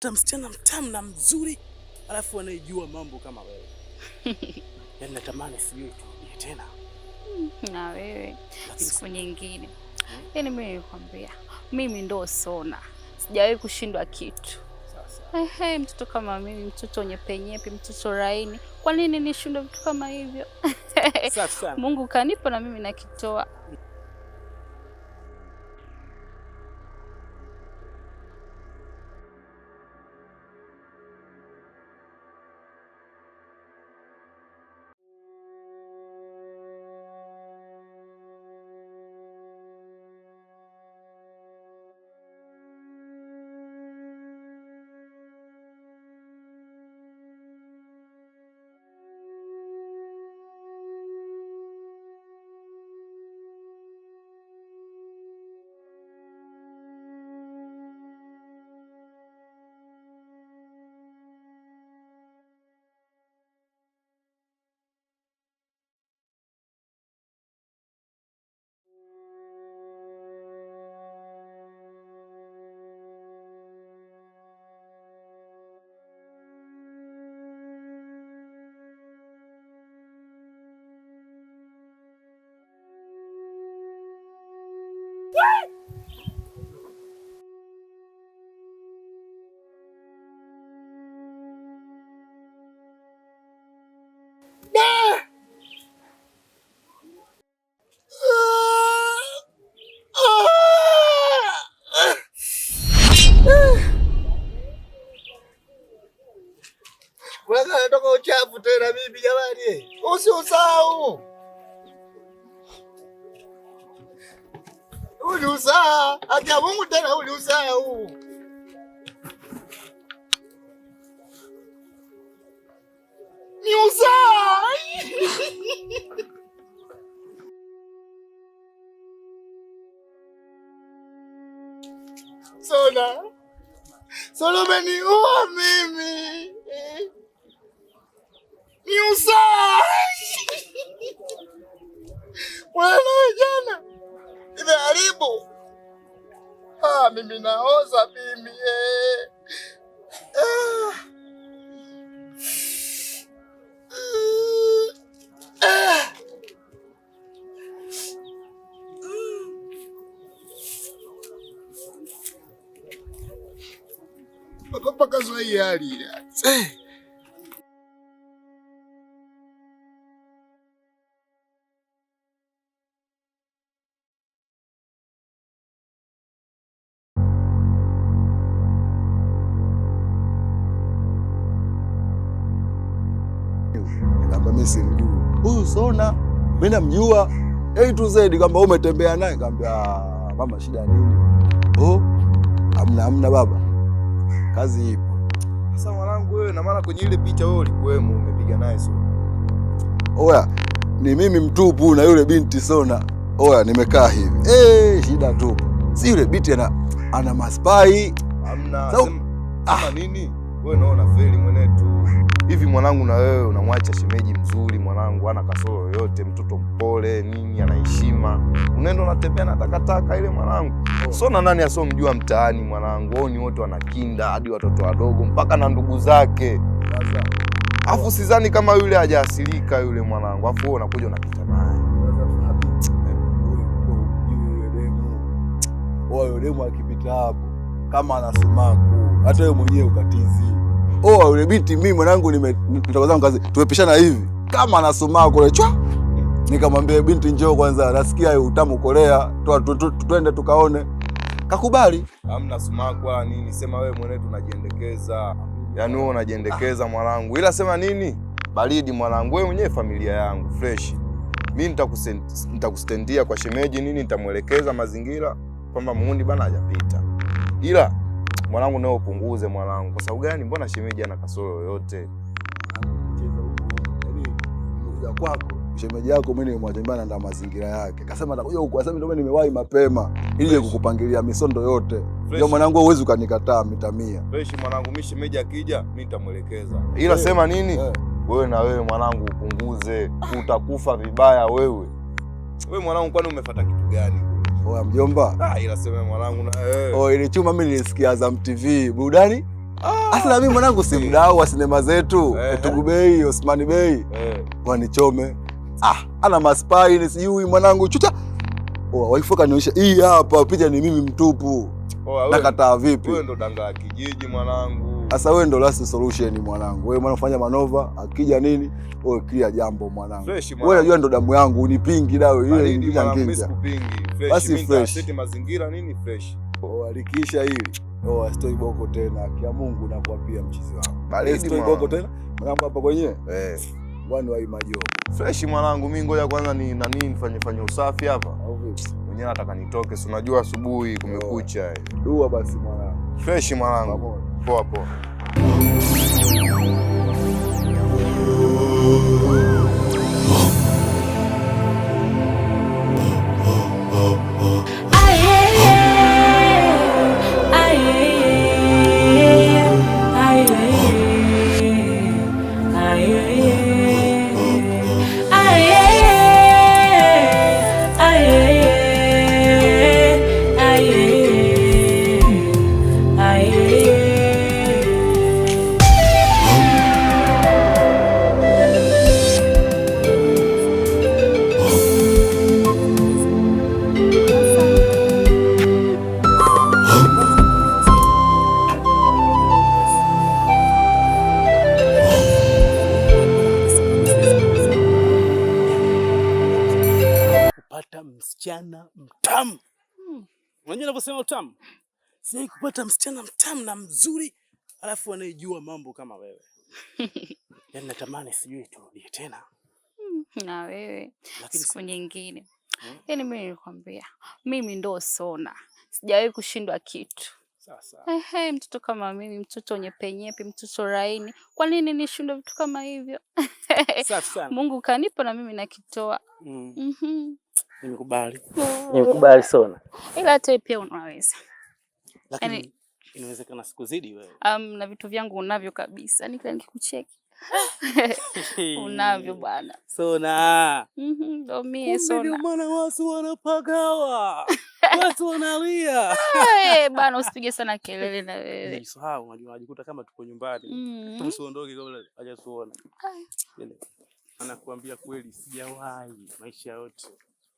ta msichana mtamu na mzuri, alafu anayejua mambo kama wewe yaani natamani sijui turudie tena na wewe siku nyingine. Hmm? yani mimi nilikwambia, mimi ndo sona, sijawahi kushindwa kitu. Ehe, mtoto kama mimi, mtoto nyepenyepe, mtoto laini, kwa nini nishindwe vitu kama hivyo? Mungu kanipa na mimi nakitoa. What? uliusaa atia Mungu tena uliusaa huu ni usaa Sona Sona, umeniua mimi, ni usaa karibu. Ah, mimi naoza mimi eh. Ah. Ah. kwamba mimi simjui huyu Sona, mimi namjua A to Z, kwamba umetembea naye. Kaambia ah, mama, shida nini? Oh, amna amna baba, kazi ipo. Sasa mwanangu wewe, na maana kwenye ile picha wewe ulikuwemo, umepiga naye Sona. Oya, ni mimi mtupu na yule binti Sona. Oya, nimekaa hivi eh, shida tu si yule binti ana ana maspai amna Sasa ah, nini wewe unaona feli mwenetu hivi mwanangu, na wewe unamwacha shemeji mzuri, mwanangu ana kasoro yoyote, mtoto mpole, nini, ana heshima, unaenda unatembea na takataka ile, mwanangu. Oh. So na nani asomjua mtaani, mwanangu? Wao ni wote wanakinda, hadi watoto wadogo mpaka na ndugu zake. Afu sidhani kama yule hajaasilika yule mwanangu, afu wewe unakuja unapita naye demu akipita hapo, kama anasemaku hata wewe mwenyewe ukatizi oh, yule binti mimi mwanangu nimetoka zangu kazi, tumepishana hivi kama anasumaa kule chwa. Nikamwambia binti, njoo kwanza, nasikia utamu kolea, twende tukaone. Kakubali, hamna sumaku wala nini. Sema wewe mwenyewe tunajiendekeza, yaani wewe unajiendekeza ah. mwanangu, ila sema nini baridi mwanangu, wewe mwenyewe familia yangu fresh. mi nitakustendia kwa shemeji nini, nitamwelekeza mazingira kwamba muhundi bana hajapita ila mwanangu, nao upunguze mwanangu. Kwa sababu gani? Mbona shemeji ana kasoro yoyote? Yaani, kwako shemeji yako mimi nimwatembea na mazingira yake, kasema atakuja huko, sasa ndio nimewahi mapema ili kukupangilia misondo yote. Ndio mwanangu, huwezi ukanikataa mitamia. Fresh mwanangu, mimi shemeji akija mimi nitamwelekeza, eh. ila sema nini eh. Wewe na wewe mwanangu, upunguze, utakufa vibaya wewe. Wewe mwanangu, kwani umefuata kitu gani? Oya mjomba. Ah, ila sema mwanangu na wewe. Eh. Oh, ile chuma mimi nilisikia Azam TV burudani. Ah. Hasa na mimi mwanangu si mdau wa sinema zetu. Eh. Tugubei, Osman Bey. Eh. Wanichome. Ah, ana maspai ni sijui mwanangu chuta. Oh, waifu kanionyesha hii hapa picha ni mimi mtupu. Oh, nakataa vipi? Wewe ndo danga ya kijiji mwanangu. Sasa wewe ndo last solution mwanangu. Wewe mwana fanya manova, akija nini? Wewe kila jambo mwanangu. Wewe unajua ndo damu yangu unipingi dawe. Ile ndio mwanangu mimi sikupingi basi fresh mazingira nini fresh. alikisha hili Oh, stoi boko tena, kia Mungu nakuapia mchizi wangu stoi boko tena mwanangu, hapa kwenye eh bwana wa imajo. fresh mwanangu. Mimi ngoja kwanza ni nani nifanye fanye usafi hapa, mwenyewe nataka nitoke, si unajua asubuhi oh. kumekucha. Eh. Dua basi mwanangu, fresh mwanangu, poa poa. msichana mtamu. Hmm. Unajua ninavyosema utamu? Sijai kupata msichana mtamu na mzuri alafu anayejua mambo kama wewe. Yaani natamani sijui turudie tena. Hmm, na wewe lakini siku nyingine. hmm. Yaani mimi nilikwambia, mimi ndo sona. Sijawahi kushindwa kitu. Sasa. Ehe, mtoto kama mimi, mtoto wenye nyepenyepe, mtoto laini. Kwa nini nishindwe vitu kama hivyo? Mungu kanipa na mimi nakitoa. Mm. Mhm. Mm Nimekubali. Nimekubali sana. Ila hata pia unaweza. Lakini yani, inawezekana sikuzidi wewe. Um, na vitu vyangu unavyo kabisa. Nika yaani, nikikucheki. unavyo bwana. Sona. Mhm, ndo mie sona. Ndio maana watu wanapagawa. Watu wanalia. Eh, bwana usipige sana kelele na wewe. Usisahau unajua unajikuta kama tuko nyumbani. Mhm. Tusiondoke kabla hajatuona. Yaani, anakuambia kweli sijawahi maisha yote.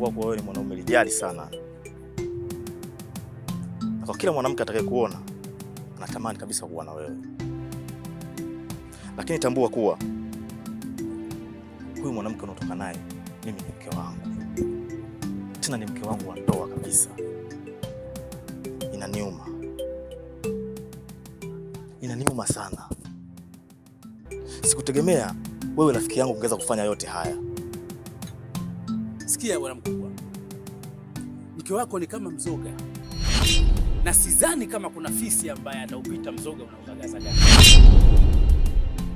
kutambua kuwa wewe ni mwanaume lijali sana, na kwa kila mwanamke atakayekuona anatamani kabisa kuwa na wewe, lakini tambua kuwa huyu mwanamke unaotoka naye mimi ni mke wangu, tena ni mke wangu wa ndoa kabisa. Inaniuma, inaniuma sana. Sikutegemea wewe rafiki yangu ungeweza kufanya yote haya. Sikia bwana mkubwa, mke wako ni kama mzoga, na sidhani kama kuna fisi ambaye ataupita mzoga gani.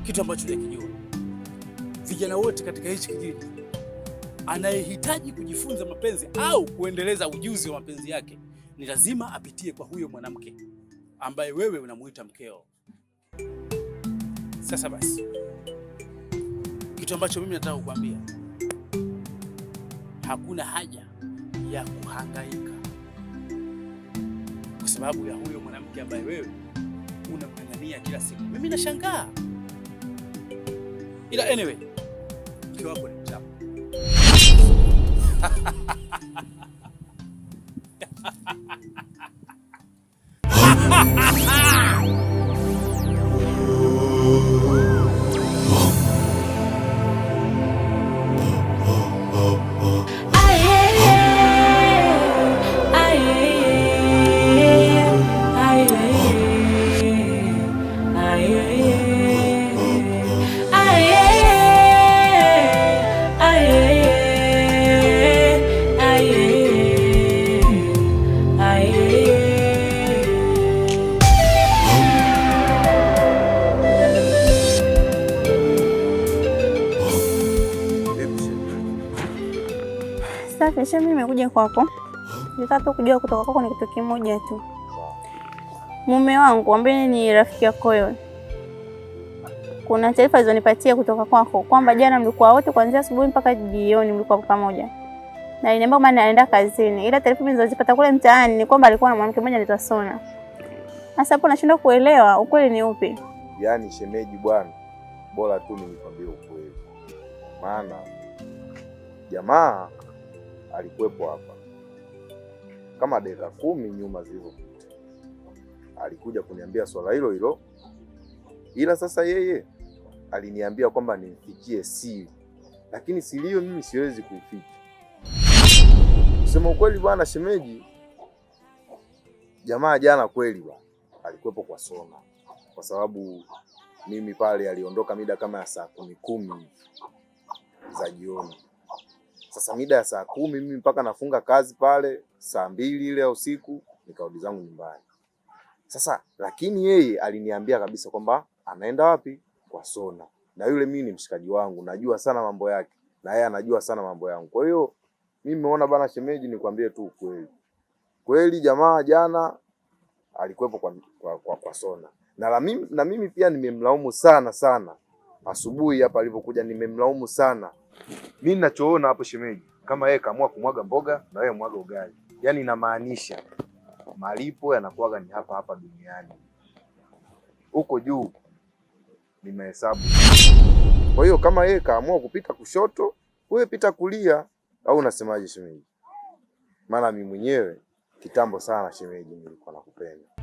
kitu ambacho nakijua. Vijana wote katika hichi kijiji, anayehitaji kujifunza mapenzi au kuendeleza ujuzi wa mapenzi yake ni lazima apitie kwa huyo mwanamke ambaye wewe unamuita mkeo. Sasa basi, kitu ambacho mimi nataka kukuambia hakuna haja ya kuhangaika kwa sababu ya huyo mwanamke ambaye wewe unamng'ang'ania kila siku. Mimi nashangaa, ila anyway, mke wako ni mchafu Sasa mimi nimekuja kwako, nataka tu kujua kutoka kwako ni kitu kimoja tu. Mume wangu ambaye ni rafiki yako yeye, kuna taarifa zilizonipatia kutoka kwako kwamba jana mlikuwa wote kuanzia asubuhi mpaka jioni mlikuwa pamoja, na inamba maana anaenda kazini, ila taarifa mimi nilizozipata kule mtaani ni kwamba alikuwa na mwanamke mmoja anaitwa Sona. Sasa hapo nashindwa kuelewa ukweli ni upi? Yaani shemeji, bwana, bora tu nikwambie ukweli, maana jamaa alikuwepo hapa kama dakika kumi nyuma zilizopita, alikuja kuniambia swala hilo hilo, ila sasa yeye aliniambia kwamba nimfikie siri, lakini siri hiyo mimi siwezi kuificha. Kusema ukweli, bwana shemeji, jamaa jana kweli bwana alikuwepo kwa Sona, kwa sababu mimi pale aliondoka mida kama ya saa kumi kumi za jioni sasa mida ya saa kumi mimi mpaka nafunga kazi pale saa mbili ile ya usiku, nikarudi zangu nyumbani. Sasa lakini yeye aliniambia kabisa kwamba anaenda wapi kwa Sona, na yule mimi ni mshikaji wangu, najua sana mambo yake na yeye anajua sana mambo yangu. Kwa hiyo mimi nimeona bana, shemeji, nikwambie tu ukweli kweli, jamaa jana alikuwepo kwa, kwa, kwa, kwa Sona na, la mimi, na mimi pia nimemlaumu sana sana asubuhi hapa alipokuja, nimemlaumu sana mimi ninachoona hapo shemeji, kama yeye kaamua kumwaga mboga na wewe mwaga ugali, yaani inamaanisha malipo yanakuwaga ni hapa hapa duniani. Huko juu nimehesabu. Kwa hiyo kama yeye kaamua kupita kushoto, wewe pita kulia, au unasemaje shemeji? Maana mimi mwenyewe kitambo sana shemeji, nilikuwa nakupenda.